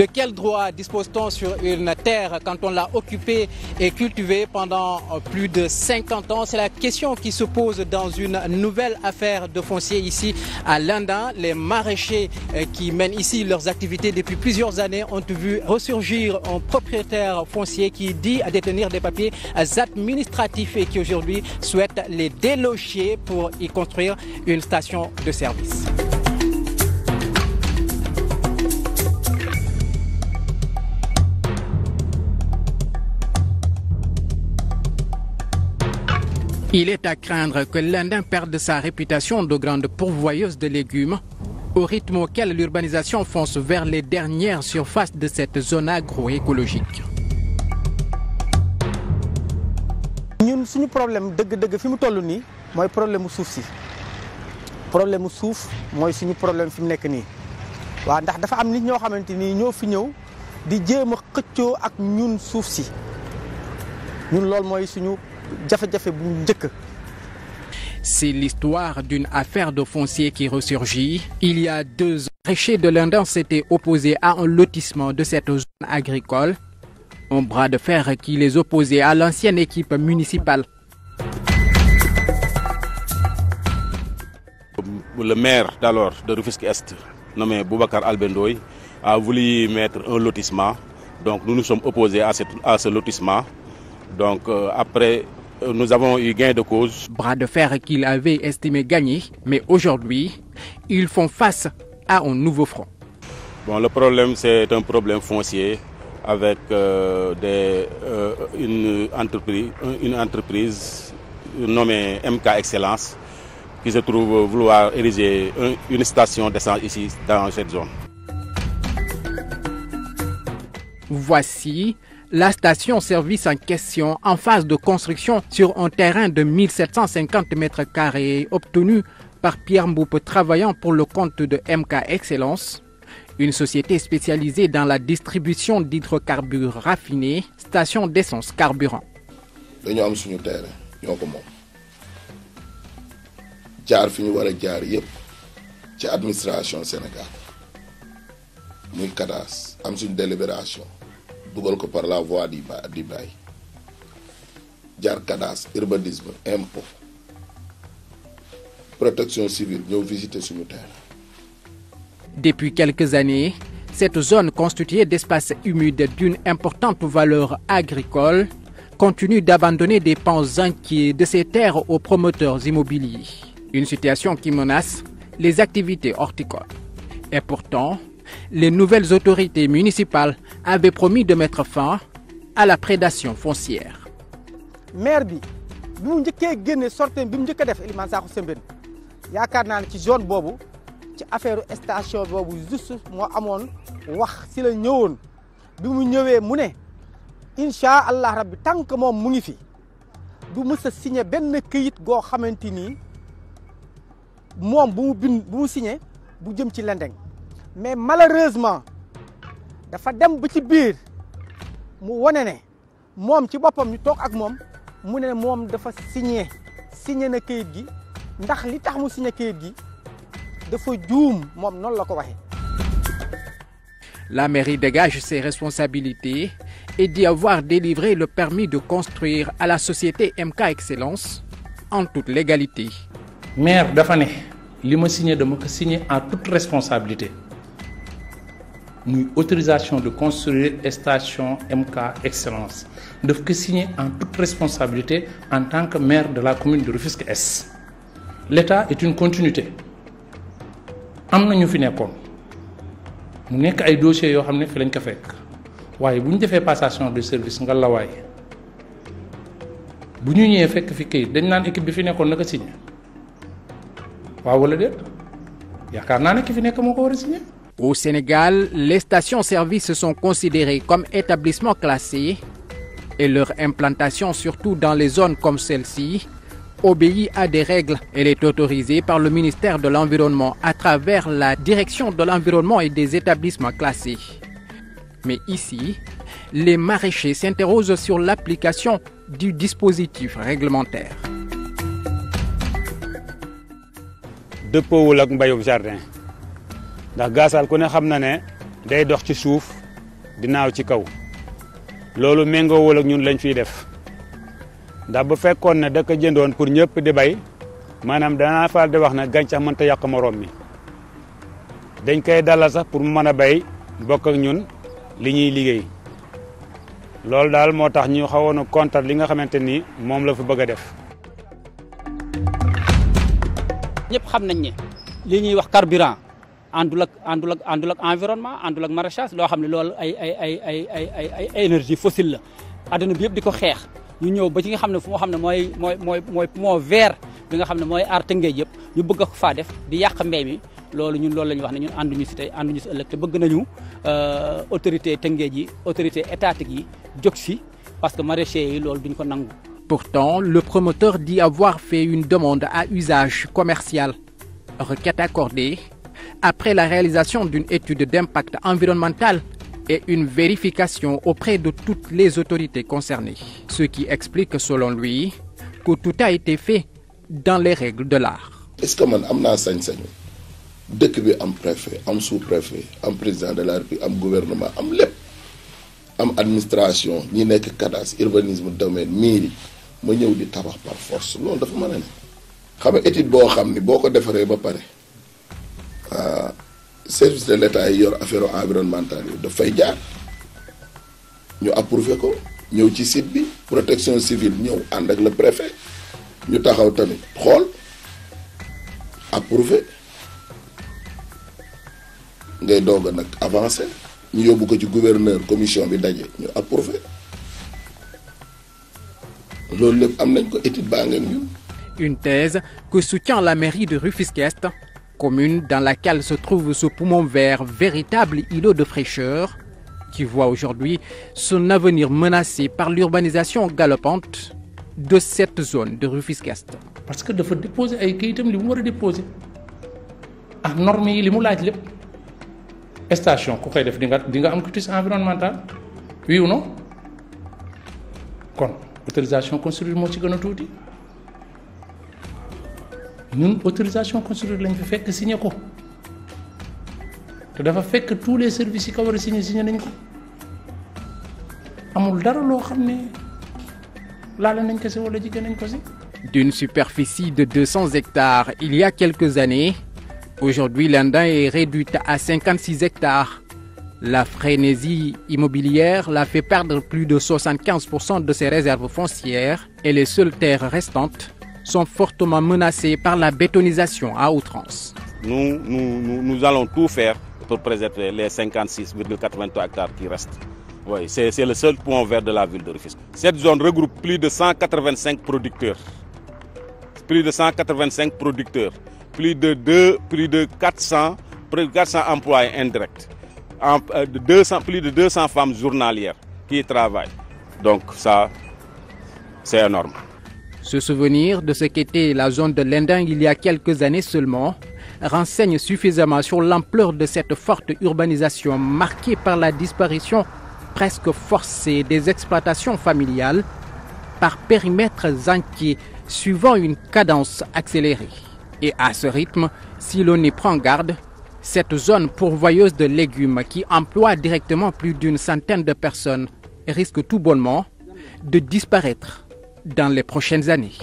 De quel droit dispose-t-on sur une terre quand on l'a occupée et cultivée pendant plus de 50 ans C'est la question qui se pose dans une nouvelle affaire de foncier ici à Lindin. Les maraîchers euh, qui mènent ici leurs activités depuis plusieurs années ont vu ressurgir un propriétaire foncier qui dit détenir des papiers administratifs et qui aujourd'hui souhaite les déloger pour y construire une station de service. Il est à craindre que l'Indien perde sa réputation de grande pourvoyeuse de légumes, au rythme auquel l'urbanisation fonce vers les dernières surfaces de cette zone agroécologique. ñun suñu problème dëgg-dëgg fi mu toll nii mooy problème mu suuf si problème mu suuf mooy suñu problème fi mu nekk nii waaw ndax dafa am nit ñoo xamante ni ñoo fi ñëw di jéem a xëccoo ak ñun suuf si ñun loolu mooy suñu. jafe-jafe bu njëkk. C'est l'histoire d'une affaire de foncier qui ressurgit. Il y a deux ans, de London s'était opposé à un lotissement de cette zone agricole, un bras de fer qui les opposait à l'ancienne équipe municipale. Le maire d'alors de Rufisque-Est, nommé Boubacar Albendoy, a voulu mettre un lotissement. Donc nous nous sommes opposés à, à ce lotissement. Donc euh, après Euh, nous avons eu gain de cause. Bras de fer qu'ils avaient estimé gagner, mais aujourd'hui, ils font face à un nouveau front. Bon, le problème, c'est un problème foncier avec euh, des, euh, une, entreprise, une entreprise nommée MK Excellence qui se trouve vouloir ériger une station d'essence ici dans cette zone. Voici La station-service en question, en phase de construction sur un terrain de 1750 mètres carrés obtenu par Pierre Mboupe travaillant pour le compte de MK Excellence, une société spécialisée dans la distribution d'hydrocarbures raffinés, station d'essence carburant. dañoo am suñu terrain ñoo ko moom jaar fi ñu war ci administration Sénégal muy CADAS am dugal ko par la voie du ba du bail jaar cadastre urbanisme impôt protection civile ñëw visiter suñu terrain. Depuis quelques années cette zone constituée d'espaces humides d'une importante valeur agricole continue d'abandonner des pans inquiets de ses terres aux promoteurs immobiliers une situation qui menace les activités horticoles et pourtant les nouvelles autorités municipales avait promis de mettre fin à la prédation foncière. maire bi bi mu njëkkee génne sorteem bi mu njëkk a def Elimane Sakho Sembène yaakaar naa ne ci zone boobu ci affaire station boobu juste moo amoon wax si la ñëwoon bi mu ñëwee mu ne incha allah rabbi tant que moom mu ngi fi du mës a signé benn këyit goo xamante ni moom bu mu bind bu mu signé bu jëm ci lendeng mais malheureusement. dafa dem ba ci biir mu wane ne moom ci boppam ñu toog ak moom mu ne moom dafa signe signé na kayit gi ndax li tax mu signé kayit gi dafa juum moom noonu la ko waxee. La mairie dégage ses responsabilités et dit avoir délivré le permis de construire à la société MK Excellence en toute légalité. maire dafa ne li ma signé dama ko signé en toute responsabilité. muy autorisation de construire station MK Excellence daf ko signer en toute responsabilité en tant que maire de la commune de Rufisque Est l'État et une continuité am na ñu fi nekkoon mu nekk ay dossiers yoo xam ne fi lañ ko fekk waaye bu ñu defee passation de service nga lawaay bu ñu ñëwee fekk fi kayit dañ naan équipe bi fi nekkoon naka signé waaw wala déet yaakaar naa ne ki fi nekk moo ko war a signé Au Sénégal, les stations-service sont considérées comme établissements classés et leur implantation, surtout dans les zones comme celle-ci, obéit à des règles. Elle est autorisée par le ministère de l'Environnement à travers la direction de l'environnement et des établissements classés. Mais ici, les maraîchers s'interrogent sur l'application du dispositif réglementaire. dëppoowul ndax gaasaal ku ne xam na ne day dox ci suuf di naaw ci kaw loolu méngoowul ak ñun lañ fiy def ndax bu fekkoon ne da jëndoon pour ñëpp di bay maanaam danaa faral di wax ne gàncax mënta yàq morom mi dañ koy dalal sax pour mu mën a bay bokk ak ñun li ñuy liggéey loolu daal moo tax ñu xawoon a kontar li nga xamante ni moom la fa bëgg a def. ñëpp xam nañ ne li ñuy wax carburant. àndul ak àndul ak àndul ak environnement àndul ak maraîchage loo xam ne loolu ay ay ay ay ay ay ay fossile la àdduna bi yëpp di ko xeex ñu ñëw ba ci nga xam ne fu nga xam ne mooy mooy mooy mooy poumon vert nga xam ne mooy aar Tëngéej yëpp ñu bëgg ko faa def di yàq mbéy mi loolu ñun loolu la ñuy wax ne ñun ànduñu si tey ànduñu si ëllëg te bëgg nañu euh, autorité Tëngéej yi autorité étatique yi jóg si parce que maraîchers yi loolu duñ ko nangu. Pourtant, le promoteur di avoir fait une demande à usage commercial. Requête après la réalisation d'une étude d'impact environnemental et une vérification auprès de toutes les autorités concernées. Ce qui explique, selon lui, que tout a été fait dans les règles de l'art. Est-ce que man am naa sañ-sañu dëkk bi am préfet am sous-préfet am président de la République am gouvernement am lépp am administration ñi nekk cadastre urbanisme domaine mairie ma ñëw di tabax par force loolu dafa mën a ne xam étude boo xam ni boo ko defaree ba pare. Euh, service de l'État yi yor affaire environnementale yi daf fay jaar ñu approuvé ko ñëw ci site bi protection civile ñëw ànd ak le préfet ñu taxaw tamit xool approuvé ngay doog nag avancé ñu yóbbu ko ci gouverneur commission bi daje ñu approuvé loolu lépp am nañ ko étude baa ngeen ñun. Une thèse que soutient la mairie de Rufisque-Est commune dans laquelle se trouve ce poumon vert, véritable îlot de fraîcheur, qui voit aujourd'hui son avenir menacé par l'urbanisation galopante de cette zone de Rufisque Est. parce que dafa déposé ay kayitam li mu war a déposé ak normes yi li mu laaj lépp station ku koy def di di nga am cutis environnemental oui moo ci gën a tuuti. ñun autorisation construire lañ fi fekk signé ko dafa fekk tous les services yi ko war a signé nañ amul dara loo xam ne laala nañ ko wala jigéen nañ ko si. D'une superficie de 200 hectares il y a quelques années, aujourd'hui l'Andain est réduite à 56 hectares. La frénésie immobilière l'a fait perdre plus de 75% de ses réserves foncières et les seules terres sont fortement menacés par la bétonisation à outrance. Nous, nous, nous allons tout faire pour préserver les 56,83 hectares qui restent. Oui, c'est le seul point vert de la ville de Rufisque. Cette zone regroupe plus de 185 producteurs. Plus de 185 producteurs. Plus de, 2, plus de 400, plus de 400 employés indirects. En, euh, 200, plus de 200 femmes journalières qui y travaillent. Donc ça, c'est énorme. Se souvenir de ce qu'était la zone de Lending il y a quelques années seulement renseigne suffisamment sur l'ampleur de cette forte urbanisation marquée par la disparition presque forcée des exploitations familiales par périmètres entiers suivant une cadence accélérée. Et à ce rythme, si l'on y prend garde, cette zone pourvoyeuse de légumes qui emploie directement plus d'une centaine de personnes risque tout bonnement de disparaître dans les prochaines années.